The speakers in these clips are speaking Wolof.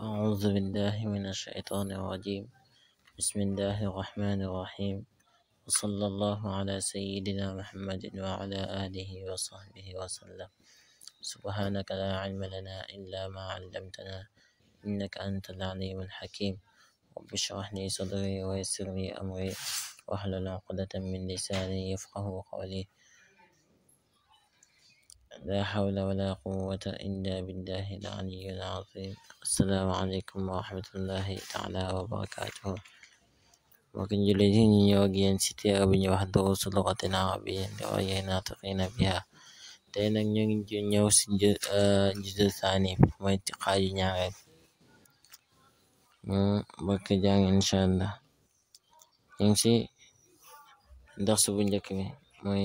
أعوذ بالله من الشيطان الرجيم بسم الله الرحمن الرحيم وصلى الله على سيدنا محمد وعلى آله وصحبه وسلم سبحانك لا علم لنا إلا ما علمتنا إنك أنت العليم الحكيم رب اشرح لي صدري ويسر لي أمري واحلل عقدة من لساني يفقه قولي laa xawla wala quwwata illa billahi al-aliyyi al-azim assalaamu aleykum wa taala wa barakatuhu mbokk jullit yi ñu ñëw ak yéen ci téere bu ñuy wax duruusu lugatil arabiyya li ghayril naaṭiqiina bihaa tey nag ñu ngi ñëw ci juz'u saani mooy xaaju ñaareel ñu bokk jàng insha Allah ñu ngi ci njëkk bi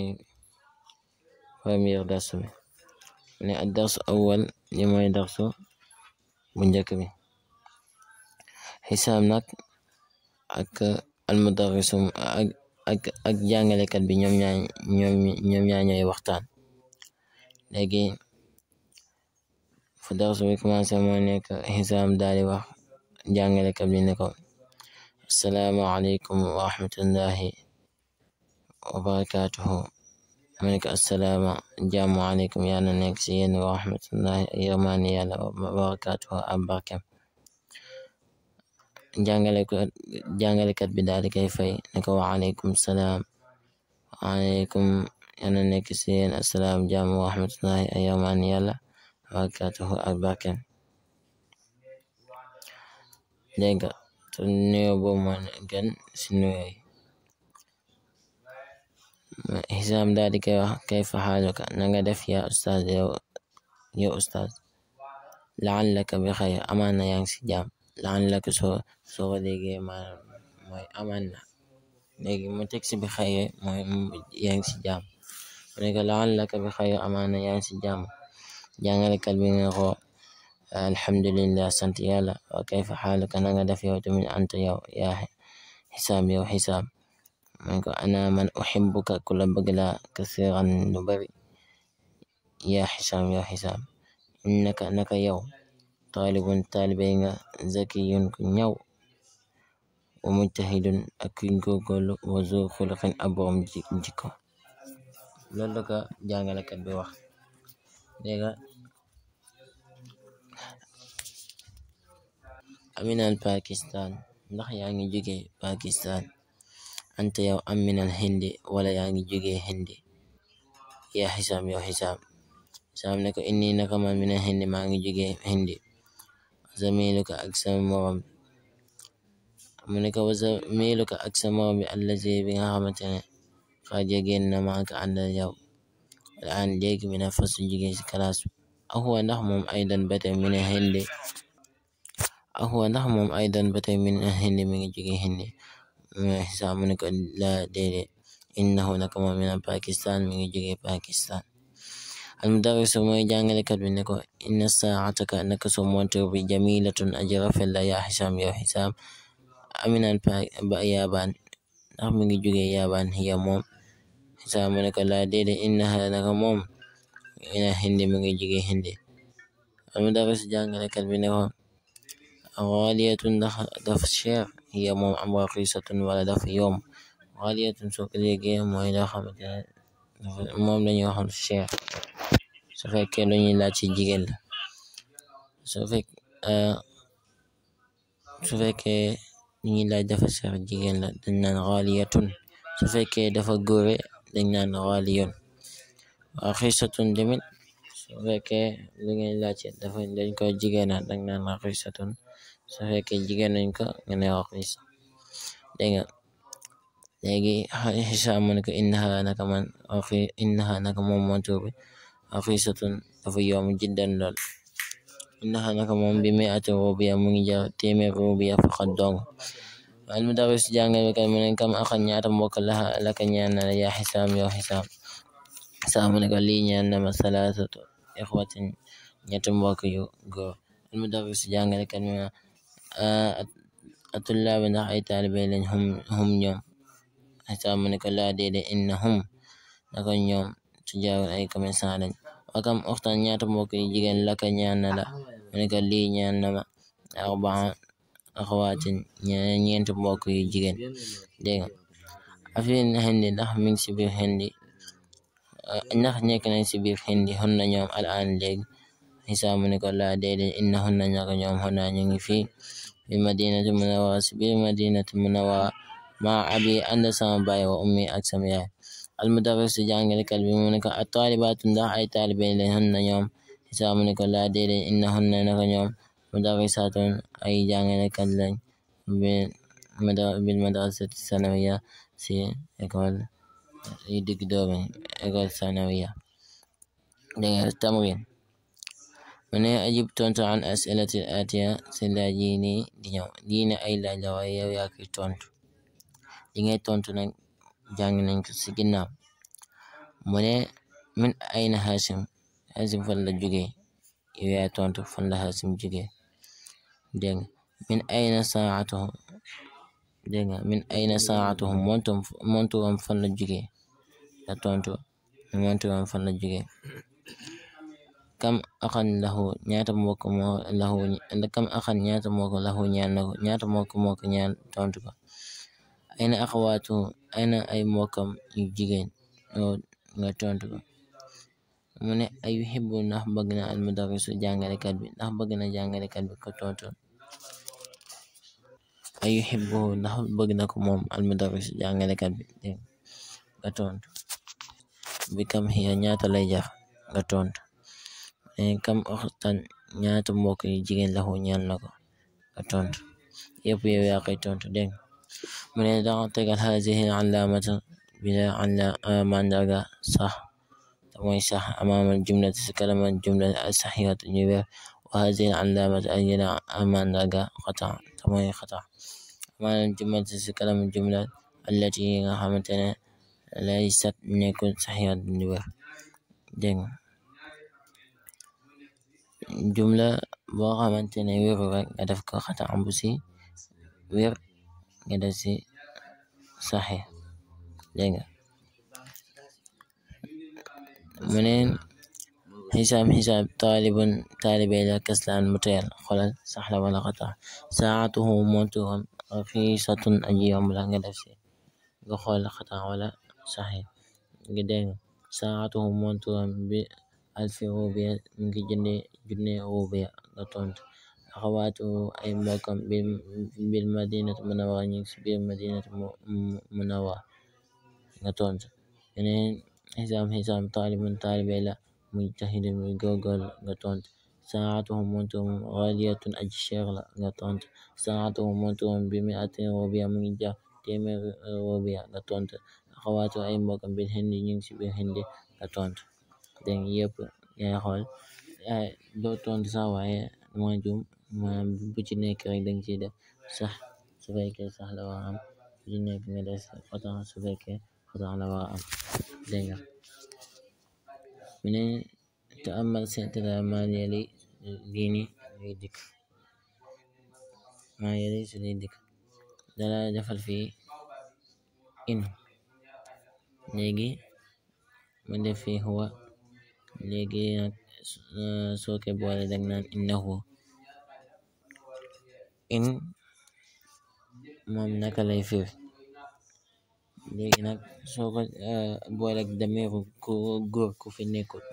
premier dars bi ne darsu awal li mooy darsu bu njëkk bi nag ak almudarrisum ak ak ak jàngalekat bi ñoom ñaa waxtaan léegi fu darsu bi commencé moo nekk xisaab wax jàngalekat bi ne ko asalaamaaleykum wa ma ne ko assalaama jaamu aleykum yàlla na nekk si yéen wa rahmatullahi yërmaani yàlla wa barakaatuhu am barkem jàngalekat jàngalekat bi daal di koy fay ne ko wa aleykum salaam wa aleykum yàlla na nekk si yéen assalaam jaamu wa rahmatullahi yërmaani yàlla wa barakaatuhu ak te nuyoo boobu moo gën si nuyoo Hisham daal di koy wax kayfa xaaluka na nga def yaa ustaaz yow yow ustaaz laallaka bi xayr amaan na yaa ngi si jàmm laallaka soo soo ko déggee maanaam mooy amaan na léegi mu teg si bi xayr mooy yaa ngi si jàmm mu ne ko laallaka bi xayr amaan na yaa ngi si jàmm jàngalekat bi nga ko alhamdulillah sant yàlla wa kayfa xaaluka na nga def yow tamit anta yow yaa Hisham yow Hisham man ko ana man uhibbuka ku la bëgg laa kasiran lu bari yaa xisaam yaa xisaam innaka naka yow taalibun taalibe nga zakiyun ku ñaw wa mujtahidun ak kuy góorgóorlu wa zu xuluqin ab borom jikko loolu la ko Pakistan ndax yaa ngi jóge Pakistan anta yow am hindi wala yaa ngi jógee hindi yaa xisaam yow xisaam xisaam ne ko inni naka man minal hindi maa ngi jógee hindi zamiluka ak sa morom mu ne ko nga xamante ne xaaja génn na maa ka àndal yow al'aan léegi mi na fas jógee si kalaas ahuwa ndax moom aydan ba hindi ahuwa ndax hindi saamune ko la déedéet innahu naka moom minam Pakistan mi ngi jógee Pakistan almudarisu mooy jàngalekat bi ne ko inna saataka naka so montor bi jamilatun aji rafet la yaa xisaam yow xisaam aminan ba yaabaan ndax mi ngi jógee yaabaan ya moom xisaam mu ne ko la déedéet innaha naka moom ina hindi mi ngi jógee hindi almudarisu jàngalekat bi ne ko xaaliyatu ndax daf cher hiya moom am raqiisatun wala dafa yomb xaaliyatun soo ko déggee mooy loo xamante ne moom lañuy wax cher su fekkee lu laaj ci jigéen la su fekk su fekkee laaj dafa cher jigéen la dañ naan xaaliyatun su fekkee dafa góore dañ naan xaaliyun raqiisatun tamit su fekkee lu ngeen dafa dañ ko jigéen dañ naan su fekkee jigéen nañ ko nga ne wax Isa dégg nga léegi Hisaam mu ne ko naka man innahaa naka moom mantu bi rafiisatun dafa yomb jiddan lool innahaa naka moom bi mi'ati ruubiya mu ngi jar téeméer ruubiya faqat dong al-mudarris jàngalekat mu ne kam axan ñaata mbokk laha laka ñaan na la yaa Hisaam yow Hisaam Hisaam mu ne lii ñaan na ma salaasatu ixwatin ñetti mbokk yu góor al-mudarris jàngalekat mu ne atullaabi ndax ay taalibe lañ hum ñoom xisaab mu ne ko laa déedéet innahum naka ñoom tujaarun ay commerçant lañ wa kam uxtan ñaata mbokk yu jigéen laka ñaan na la mu ne ko lii ñaan na ma arbaa axawaatin ñeenti mbokk yu jigéen dégg ndax mi ngi si biir xindi nekk nañ si biir xindi xon na ñoom al aan léegi xisaab mu ne ko laa déedéet inna xon na ñaka ñoom ngi fii بالمدينة المنورة بالمدينة المنورة مع أبي ànd sama baay wa ummi ak sama yaay almudarris jàngalekat bi mu ne ko attaalibaatu ndax ay taalibe lañ xan na ñoom Isaa mu ne ko laa déedéet inna xan na naka ñoom mudarrisaatun ay jàngalekat lañ bil madrasati sanawiya si école yu digg doomi école sanawiya dégg tamrin mu ne ajib tontu an asilati atiya si laaj yi nii ay laaj la waaye yow yaa koy tontu li ngay tontu nag jàng nañ ko si ginnaaw mu ne min ayna Haasim Haasim fan la jógee yow yaa tontu fan la Haasim jógee min ayna saa'atuhum dégg nga min ayna saa'atuhum montuwam fan la jógee la tontu montuwam fan la jógee kam axan lahu ñaata mbokk moo lahu kam axan ñaata mbokk lahu ñaan na ko ñaata mbokk moo ko ñaan tontu ko ay na axawaatu ay mbokkam yu jigéen nga tontu ko mu ne ayu xibbu ndax bëgg na almudarrisu jàngalekat bi ndax bëgg na jàngalekat bi ko tontu ayu xibbu ndax bëgg na ko moom almudarrisu jàngalekat bi nga tontu bi kam xiya ñaata lay jar nga tontu kam waxtaan ñaata mbokk jigéen la ñaan na ko nga tontu yëpp yow yaa koy tontu dégg mu ne da tegal haadihi alaamata bi la ah, mandarga sax te sax amaamal jumlati si kanamu jumla as-saxiihata ñu wér wa haadihi alaamata ak yéen a mandarga xata te mooy xata amaamal jumlati si kanamu jumla allati nga xamante ne laysat nekkul saxiiha ñu wér dégg jumla boo xamante ne wéru rek nga def ko xatam bu ci wér nga def ci saxe dégg mu ne xisaab xisaab taalibun taalibe la kaslaan mu teel xolal wala xata saatuhu monturam raxiisatun aji yomb la nga def ci nga xool xata wala saxe alfi rubiya mu ngi jënde junne rubiya nga tontu axawaatu ay mbokkam bil madinatu munawara ñu ngi ci biir madinatu munawara nga tontu yeneen xisaam xisaam taalibun taalibe la mujtahidun muy góorgóorlu nga tontu saa'atuhu montuuram gaaliyatun aji cher la nga tontu saa'atuhu montuuram bi mi'atin rubiya mu ngi jar téeméeri rubiya nga tontu axawaatu ay mbokkam bil hindi ñu ngi ci biir hindi nga tontu den yëpp ngay xool doo sax waaye dama juum maanaam bu ci nekk rek ciy def sax su fekkee sax la war a am bu ci nekk nga def xata su fekkee xata la war a am dégg nga mu ne te amal seetala maa yeli lii ni luy dikk maa yeli su defal fii in léegi ma def fii huwa léegi nag euh, soo ko boole dag in moom naka lay firi léegi nag soo ko euh, damiru ku góor ku fi nekkul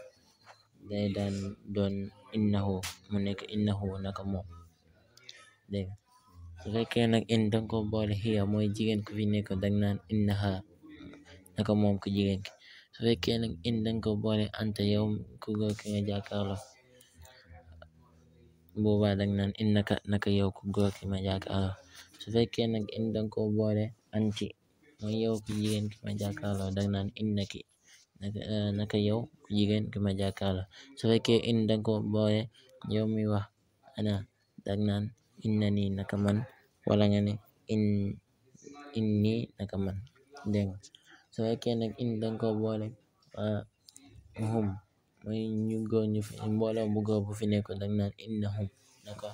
day daan doon innahu mu nekk innahu naka moom dégg su fekkee nag in danga ko boole hiya mooy jigéen ku fi nekkul dag naan innaha naka moom ku jigéen ki su fekkee in danga ko boole anta yow ku góor ki nga jàkkaarloo boobaa dang naan in naka naka góor ki ma jàkkaarloo su fekkee nag in danga ko boole anti mooy yow ku jigéen ki ma jàkkaarloo dang naan in naki eh, naka yow ku jigéen ki ma jàkkaarloo su fekkee in danga ko boole yow mi wax ana dang naan in na nii naka man wala nga ne in in naka man dégg su fekkee nag in danga ko boole ah, hum muy ñu góor ñu fi mbooloo bu góor bu fi nekkoon danga naan innahum naka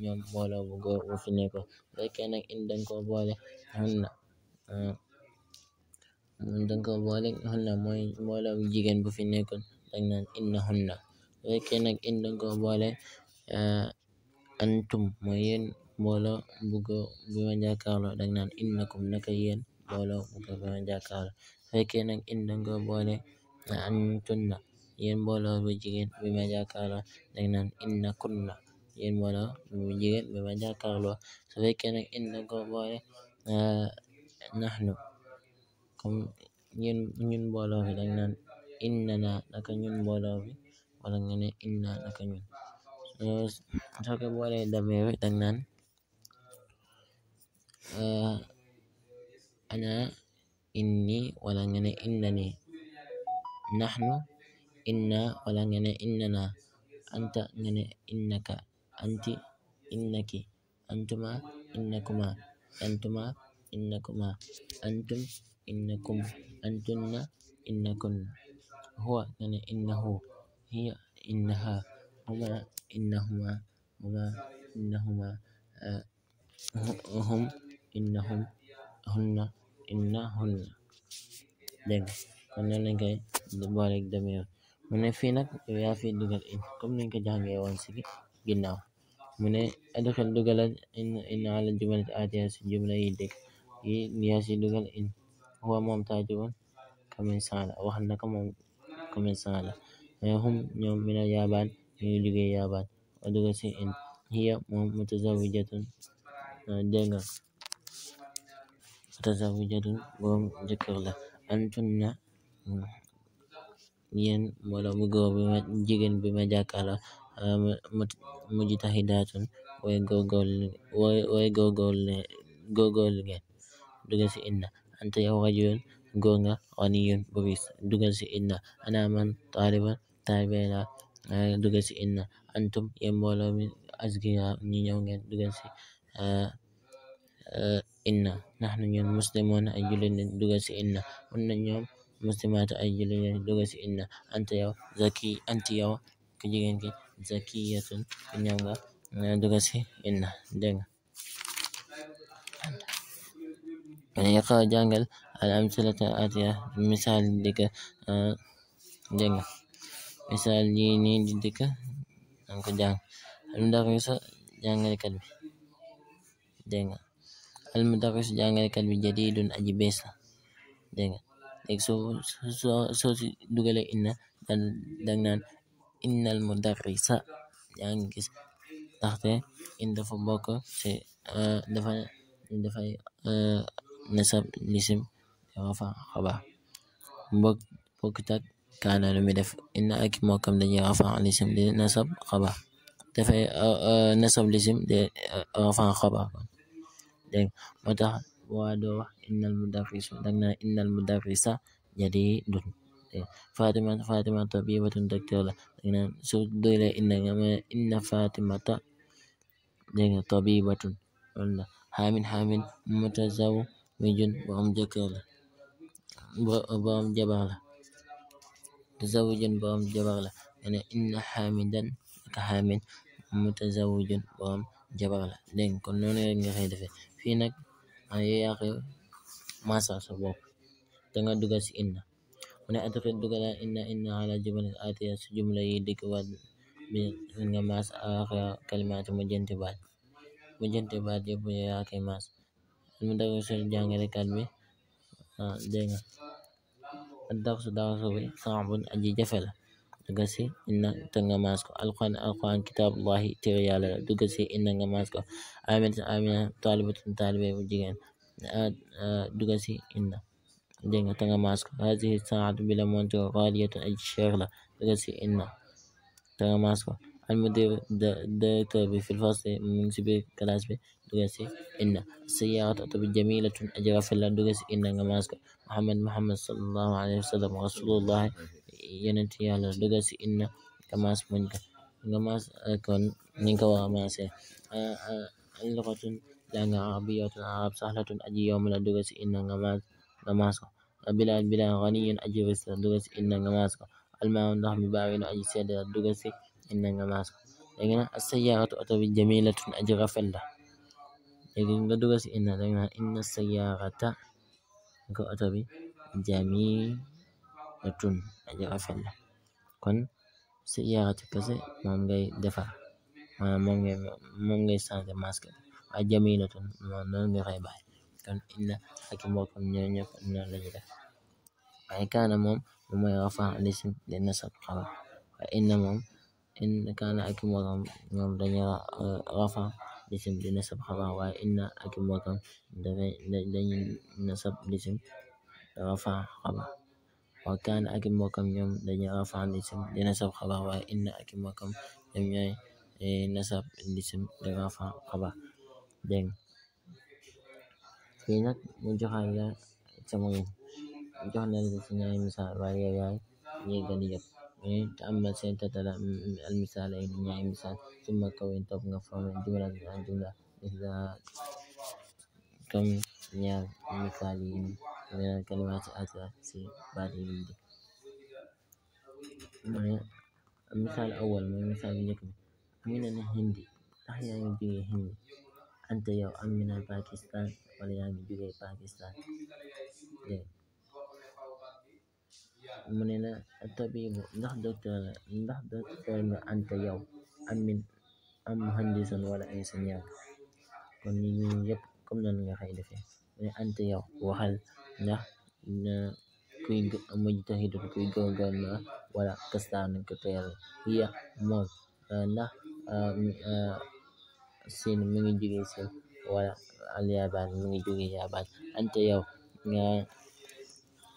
ñoom mbooloo bu góor bu fi nekkoon su fekkee nag in danga na boole hunna ah, danga ko boole hunna mooy mbooloo bu jigéen bu fi nekkoon danga naan innahunna su fekkee nag in danga ko boole ah, antum mooy yéen mbooloo bu góor bi ma jàkkaarloo danga naan innakum naka yéen booloo nga bañ a jàkkaarloo fekkee nag in danga boole an tunna yéen mbooloo bu jigéen bi ma jàkkaarloo dag na inna kunna yéen mbooloo bu jigéen bi ma jàkkaarloo su fekkee nag in danga boole eh, nahnu comme ñun ñun mbooloo bi dag naan innana naka ñun mbooloo bi wala nga ne inna naka ñun soo ko boole damir bi dag naan eh, ana inni wala nga ne innani nahnu inna wala nga ne innana anta nga ne innaka anti innaki antuma innakuma antuma innakuma antum innakum antunna innakunna huwa nga innahu hiya innaha huma innahuma hum innahum hunna inna hunna dégg kon noonu lañ koy boole ak demee yoon mu ne fii nag yow yaa dugal in comme niñ ko jàngee woon si ginnaaw mu ne adxal dugalal in inna ala jumalati huwa moom taajibun kamin saala wax na moom kamin saala hum ñoom mina yaabaan ñuy liggéey yaabaan dugal si in hiya moom mutazawijatun dégg mutazawwijatun boroom jëkkër la antunna yéen mbooloo mu góor bi ma jigéen bi ma jàkkaarloo mujtahidatun way góorgóorlu ngeen dugal si inna anta yow rajulun góor nga buris dugal inna ana man taliban taalibe la inna antum yéen mbooloo mi asgira ñi ñëw ngeen inna naxnu ñoom muslimoon ay jullit lañ dugal ci na hunna ñoom muslimaat ay jullit lañ dugal ci inna anta yow zaki anti yow ku jigéen ki zakiyatun ku ñam nga nga dugal inna dégg nga yaqra jàngal al amsilata atiya misaal dikk ah, dégg nga misaal yi di dikk danga ko jàng al mudarrisu jàngalekat almudarris jàngalekat bi jadiidun aji bees la dégg nga léegi soo soo soo si dugalee inna dag naan innal mudarrisa yaa ngi gis ndaxte in dafa bokk ci dafa dafay nasab lisim dafa fa xabaar mbokk bokkut ak kaana lu mi def inna ak mokkam dañuy rafa lisim di nasab xabaar dafay nasab lisim di rafa xabaar dégg moo tax waaye doo wax innal mudarrisu dang na innal mudarrisa fatima fatima tabibatun docteur la dang na su doyle inna fatimata dégg nga hamin hamin mutazawwijun borom jëkkër la borom jabar la mutazawwijun borom jabar hamidan ka hamin mutazawwijun borom um jabar la dégg kon noonu nga Fii nak yaa ngee maasal sa boopu, danga duga si inna, mu ne "Atakad dugal inna inna alaa jumla yi dëkkuwaay bi nga maas aaxira kalimaati mujjanti baat, mujjanti baat yépp yaa koy maas. Almudarrisul jàngalekat bi ah, dagg, ad-darsu, darsu bi, sa'bun aji jafe la. dugal si inna te nga maas ko alquran alquran kitaabullahi téere yàlla la amina amina taalibatun taalibe bu jigéen dugal si inna dégg nga te bi la montor aj cher la dugal si almudir directeur bi fil fasli ngi si biir classe bi dugal si inna sayyaaratu oto aj rafet la dugal si muhammad muhammad sallallahu alayhi wa sallam yonent yàlla dugal si inna kamaas muñ ko kamaas kon ni nga ko war a maasee luxatun langa arabiyatun arab saxlatun aji yomb la dugal si inna nga maas ko bilaad bilaad ganiyun aji ris la dugal si inna nga maas ko almaa ndox mi baawinu aji sedd la dugal si inna nga maas ko léegi nag asayyaaratu oto bi jamilatun aji rafet la léegi nga dugal si inna jamil tun aji rafet la kon siyaaratu kese moom ngay defar maanaam moom ngay moom ngay changer masque bi waaye jamilatun moom noonu nga koy kon inna ak mbokkam ñoo ñëpp noonu kaana moom moom mooy rafaa lisim nasab xabar waaye inna moom in kaana ak euh, nasab xabar waaye inna wa kaana ak i mbokkam ñoom dañuy rafaan lisim di nasab xabar waaye inna ak i ñoom ñooy eh, nasab lisim di rafaan xabar dégg fii nag ñu misaal waaye yow yaay yeggal eh, yëpp te am seen tatala al misaal ay ñaari misaal suma kawin topp nga forme jumla bi ak jumla comme ñaar misaal minal mu ne misaal awal mooy misaal bu njëkk hindi ndax yaa ngi jógee hindi ante yow am pakistan wala yaa ngi jógee pakistan dégg mu ne na tabibu ndax docteur la ante yow amin am muhandisun wala ingénieur kon ñu ñun yëpp comme nan nga xay defee mu ante yow waxal ndax kuy mujtahidun kuy góorgóorlu la wala kastaanu ko teeru hiya moom eh, ndax eh, eh, siin mi ngi jógee siin wala alyabaan mi ngi jógee yabaan anta yow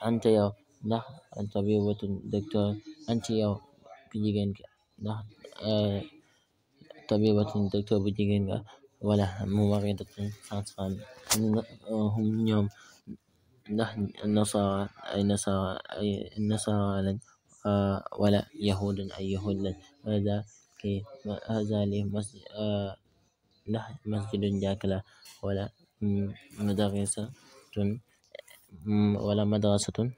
anta yow ndax tabibatun anta yow ku ka ndax tabibatun docteur bu jigéen nga wala mumarridatun sage hum ñoom ndax nasaara ay nasaara ay nasaara lañ wala yahudan ay yahud lañ hada ke hada li masjid ndax masjidun jàkkala wala madrasatun wala madrasatun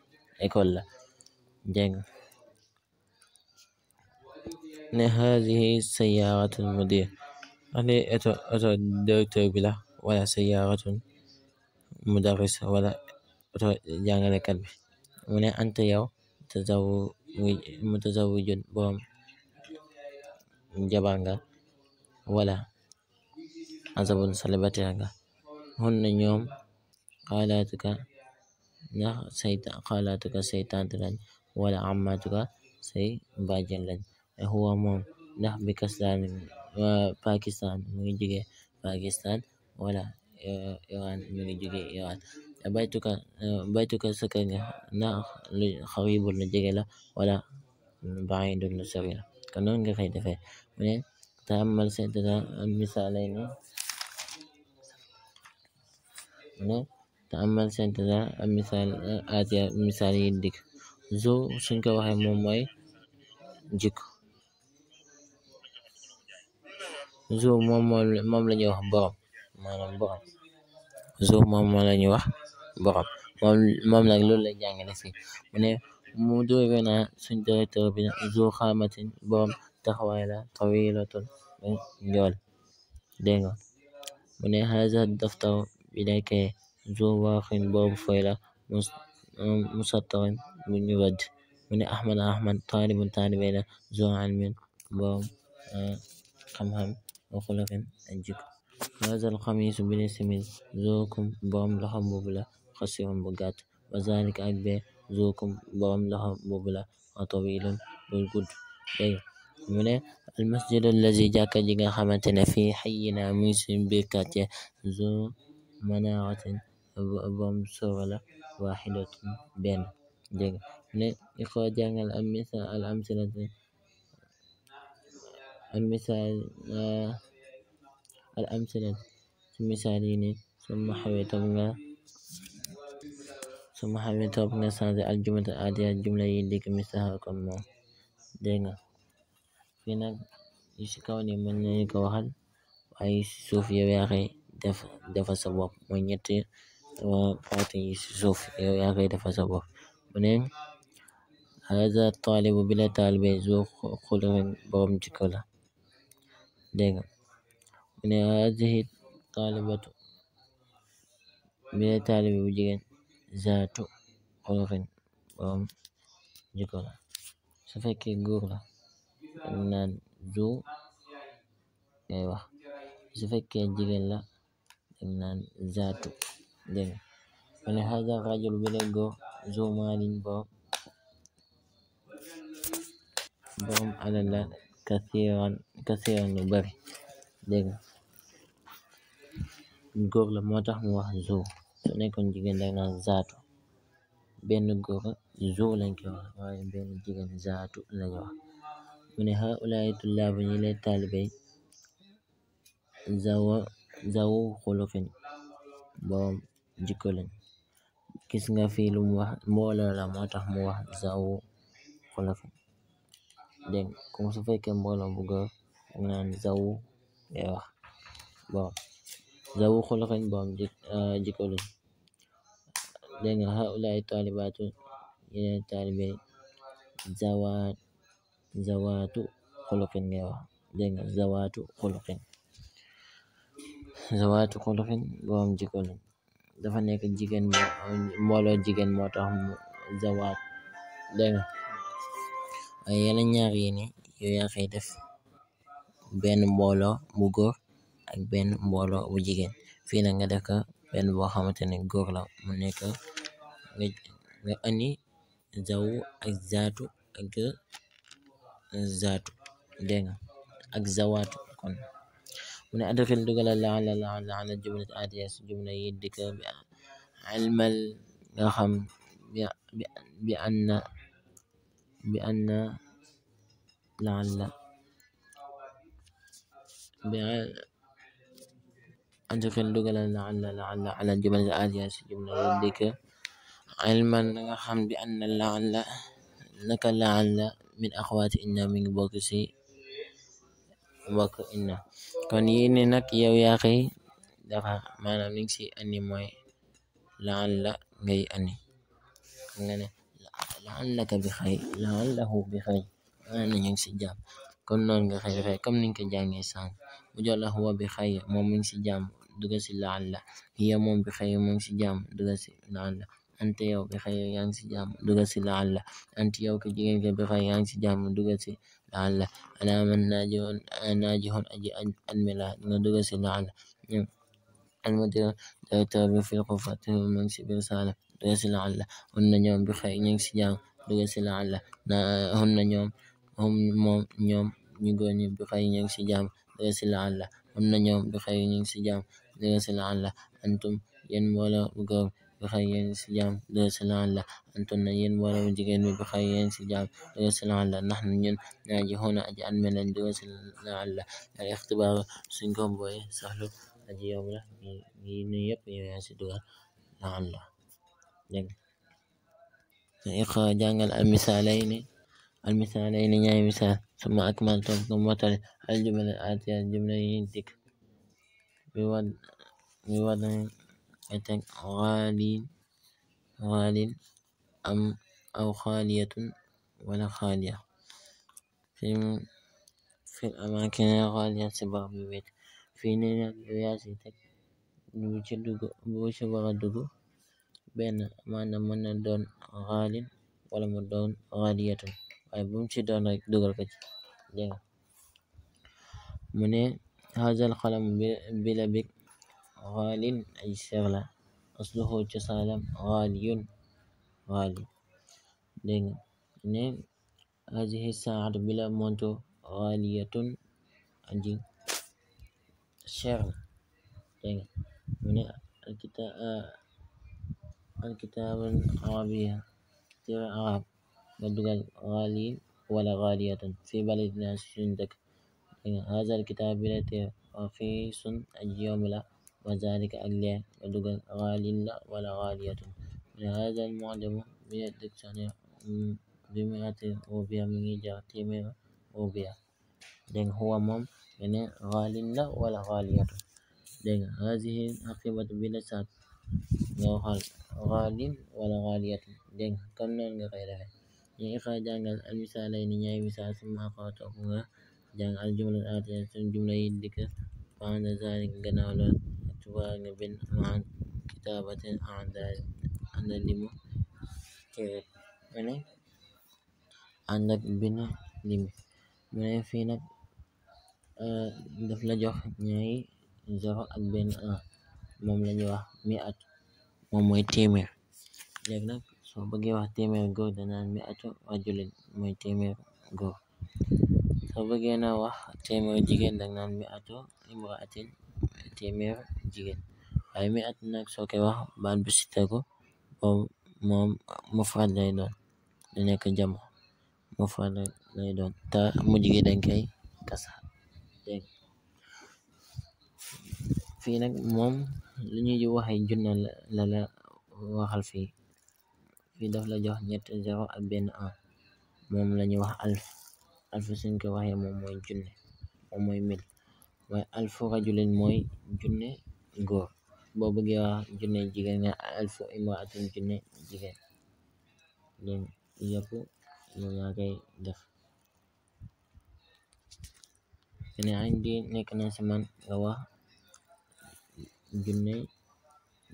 école la dégg ne hadihi sayyaratul mudir ale oto oto directeur bi la wala sayyaratun mudarris wala jàngalekat bi mu ne anta yaw mutazawwijun boroom jabar wala azabun célibataire nga hunna ñoom xalaatuka ndax say xalaatuka say tante wala ammaatuka say bàjjen huwa moom ndax bi kaslaan Pakistan mu ngi jóge Pakistan wala eh, Iran mu ngi jóge Iran baytuka baytuka sa kër ga ndax lu xaribun lu jege la wala baidun lu sori la kon noonu nga fay defee mu ne taamal seetata misaalayni mu ne taamal seetata misaal aatiya misaal yi dikk zo suñ ko waxee moom mooy jikko zo moom la ñuy wax borom maanaam la ñuy wax borom moom moom loolu la jàngale si mu ne mu doore na suñ directeur bi zu xamatin borom taxawaay la tawilatun njool dégg mu ne haza daftar bi nekk zu waaxin boobu foy la bu ñu wàdd mu ne ahmad ahmad taalibun taalibe la zu almin borom eh, xam-xam wa xulaqin ak jikko haza alxamis bi ne simil zukum borom xasimun bu gàtt wa zalika ak bee zuukum borom loxo boobu la wa tawilun buy gudd dégg mu ne almasjid allazi jàkka ji nga xamante ne fii xayina muy suñ biir quartier zu manaratin bom sora la waxidatun benn dégg mu ne iqra jàngal al amsilata al misaal al amsilata si misaal yi ni suma xawee tam nga su ma xamee topp nga changé al jumlata aatiya jumla yi dikk misaal comme moom dégg nga nag yu si kaw ni mën nañu ko waxal ay suuf yo yaa koy def defal sa bopp mooy yi suuf yow yaa koy defal sa ne haaza taalibu bi la taalibe zu xuluqin borom jikko la dégg ne haazihi taalibatu bi la taalibe bu jigéen zaatu olorin borom jiko la su góor la dañ naan zu ngay wax su fekke la dañ naan zaatu dégg nga ne rajul bile góor zu maalin borom alal la kasiran kasiran lu bari dégg nga la moo tax mu wax zu su nekkoon jigéen dañ zaatu benn góor zou lañ koy wax waaye benn jigéen zaatu lañ wax mu ne haa'ulaa'i tullaabu ñi lay taalibe zawu xulufin boroom jikko lañ gis nga fi lum moo tax mu wax zawu xulufin dégg kom su fekkee mbooloo bu zawu ngay wax boroom ذووا خلق بام جيكولو دين هؤلاء الطالبات ينين طالبين زوات زوات خلق نيوا دين زوات خلق zawaatu xulufin borom jikko lañ dafa nekk jigéen mbooloo jigéen moo tax mu zawaat dégg nga waaye yeneen ñaar yi ni yow def benn mbooloo bu ak benn mboolo bu jigéen fii na nga def ka benn boo xamante ne góor la mu nekk nga ani zawu ak zaatu ak zatu dégg nga ak kon mu ne adafil dugalal laala laala ala jumlat aatiya si jumla yi dikka bi almal nga xam bi anna bi anna laala an joxeel dugalal la àlla la àlla ala jumla aadiya si jumla dika ilman na nga xam bi an la àlla naka la àlla min axawaati inna mi ngi bokk si bokk inna kon yi ni nag yow yaa dafa maanaam li ngi si ani mooy la àlla ngay ani xam la àllaka bi xëy la àllahu bi xëy maanaam ñu si jàpp kon noon nga xëy comme ni nga ko jàngee sànq mu jox la bi xëy moom mi ngi si jàmm dugal si laan la hiya moom bi xëy mu ngi si jàmm dugal si laan la anta yow bi xëy yaa si jàmm dugal si laan la anti yow ki jigéen ki bi xëy yaa ngi si jàmm dugal si laan la ana man naajihun aji admi la nga dugal si laan la hmm. almudir directeur bi fil xufati mu ngi si biir saala dugal si laan la hun na ñoom bi xëy ñu ngi si jàmm si laan la hun na ñoom moom ñoom ñu góor ñi bi xëy ñu ngi si jàmm dugal si laan la hun na ñoom bi xëy ñu ngi si jàmm dëgg si laan la antum yéen mbooloo bu góor bi xëy yéen si jaam dëgg si laan la antunna yéen bu jigéen bi xëy yéen si jaam dëgg la nahnu ñun naajihuuna aji armé lañ dëgg si laan la al ixtibaar suñ ko booye saxlu aji yow la yi nu yëpp yow yaa si dugal laan la dégg iqra jàngal al misaalayni بوضع بوضع عال عال أم أو خالية ولا خالية في, في الأماكن الغالية سباق ببيت في نيل riyaasiteg lu ci dugg bu ci wara dugg benn maanaam mën na doon xaalin wala mu doon xaaliyatun waaye bu mu ci doon rek dugal ko ci mu ne haajal qalam bila bik gaalin ay seexla asluhu cosaalam gaaliyun gaali dégg ne haadihi saacatu bila monto gaaliyatun aji seer dégg mu ne alkitaabun arabiya tira arab nga dugal gaali wala gaaliyatan fi baladina suñu dëkk min hazal kitab bi la teew wa la wa zalika ak leer nga wala xaaliyatun min hazal mu'jamu bi la dictionnaire bi rubiya mi ngi jar téeméer rubiya deng huwa moom nga ne wala xaaliyatun deng hazihi aqibatu bi saat nga waxal xaalin wala xaaliyatun deng kam nga koy defe ñu ni ñaay misaal suma xaw topp jàng al jumla aatiya seen jumla yi dikka ba'da zaalika gannaaw lool atbaa nga bind maan kitaabatin ànd ak limu téere mune ànd ak bind limi mune fi nak eh, daf la jox ñaari zero ak benn an moom lañu wax mi at moom mooy téeméer léegi nak soo bëggee wax téeméer góor danaan mi atu rajulin mooy téeméer góor soo bëggee na wax téeméer jigéen dag naan mi ato imra atin jigéen waaye mi at nag soo wax baat bu si tegu moom mufrad lay doon du nekk jamo mufrad lay doon ta mujj gi dañ koy kasa nag moom li ñuy waxe junna la waxal fii fii daf la jox ñett zéro ak benn un moom lañuy wax alf alfu suñ ko waxee moom mooy junne moom mooy mil waaye alfu rajulin mooy junne góor boo bëggee wax junne jigéen nga alfu imraatin junne jigéen lim yëpp loolu laa koy def kene añ di nekk na si nga wax junne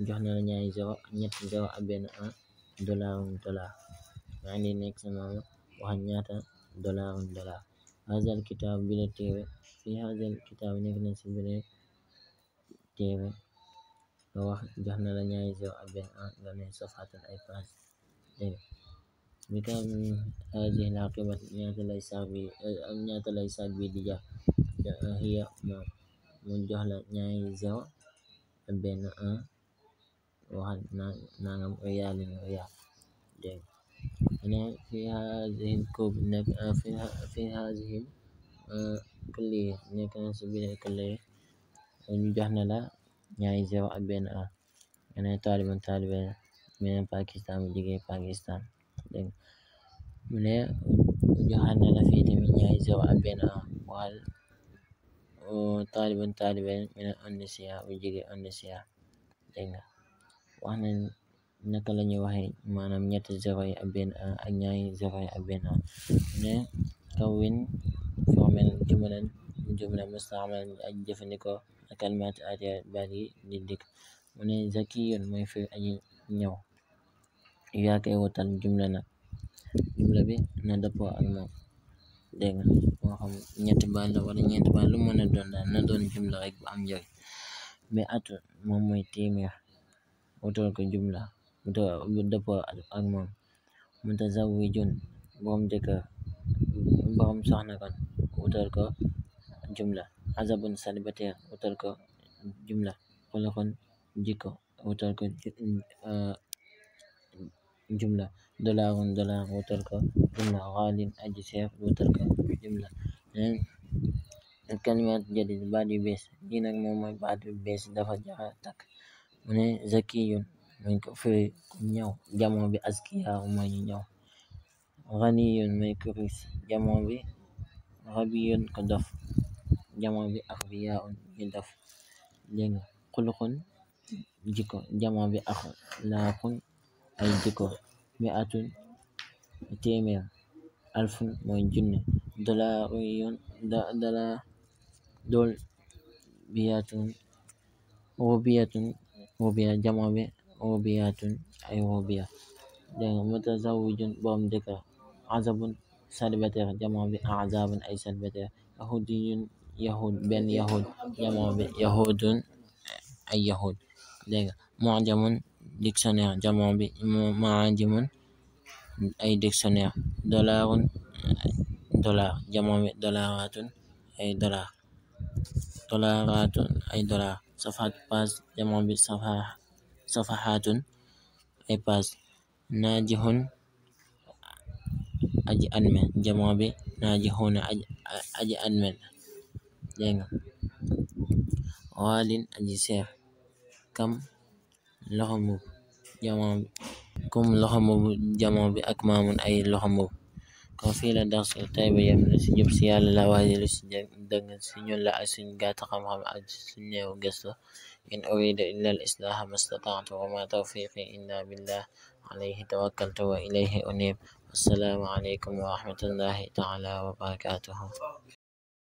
jox na la ñaari zéro ñetti zéro ak benn dollar dollar maa ngi nekk sama wax ñaata dollar dollar hazal kitaab bi la téere fi hazal kitaab nekk na ci bile téere nga wax jox na la ñaari zéro ak benn an nga ne safaatal ay page dégg bi kam hazihi al-aqibat ñaata lay saag bi di jar hiya moom mu jox la ñaari zéro ak benn an waxal nangam riyaal riyaal dégg أنا في هذه الكوب في في هذه كلية nekk si biir école yi ñu jox na la ñaari zéro ak benn a nga ne taalibe taalibe meneen Pakistan bu jógee Pakistan dégg mu ne joxaat na la fii tamit ñaari zéro ak benn a waxal naka la ñuy waxe maanaam ñetti zero yi ak benn un ak ñaari zero yi ak benn un ne kawin formel jumlan jumla mustaamal ak jëfandikoo ak kalimaat atiya baat yi di mu ne zakiyun mooy fi aji ñëw yaa wutal jumla na jumla bi na dëppoo ak moom dégg nga lu mën a doon na doon jumla rek bu am njëriñ mais atu moom mooy téeméer ko jumla bu dëppoo ak moom mutazawijun boroom jëkkër boroom soxna kon wutal ko jumla azabun célibataire wutal ko jumla xulukun jikko wutal ko dolarun dolar wutal ko aji seer wutal ko jumla kalimat jadid baat yu bees moom mooy baat dafa jara takk zakiyun dañ ko firi ñaw jamoo bi askiya mooy ñaw ganiyun may kuris jamoo bi gabiyun ko daf jamoo bi axfiyaun ñu daf deng xuluxun jikko jamoo bi axlaaqun ay jikko mi'atun téeméer alfun mooy junni dolaariyun dola dool biyatun rubiyatun rubiya jamoo bi wobiyatun ay wobiya dégg mutazawijun borom jëkkër azabun célibataire jamono bi azabun ay célibataire yahudiyun yahud benn yahud jamono bi yahudun ay yahud dégg mu'jamun dictionnaire jamono bi mu'jamun ay dictionnaire dolarun dolar jamono bi dolaratun ay dolar dolaratun ay dolar safhat pass bi safha safahatun ay page najihun aji adme jamono bi najihuna aji adme dégg nga walin aji seer kam loxo mbubb jamono bi kum loxo mbubb jamono bi ak maamun ay loxo mbubb kon fii la darsu tey bi yem na jub ci Yàlla la waaye lu ci dëng ci ñun la ak xam-xam ak suñ néew gëstu إن أريد إلا الإصلاح ما استطعت وما توفيقي إلا بالله عليه توكلت وإليه أنيب السلام عليكم ورحمة الله تعالى وبركاته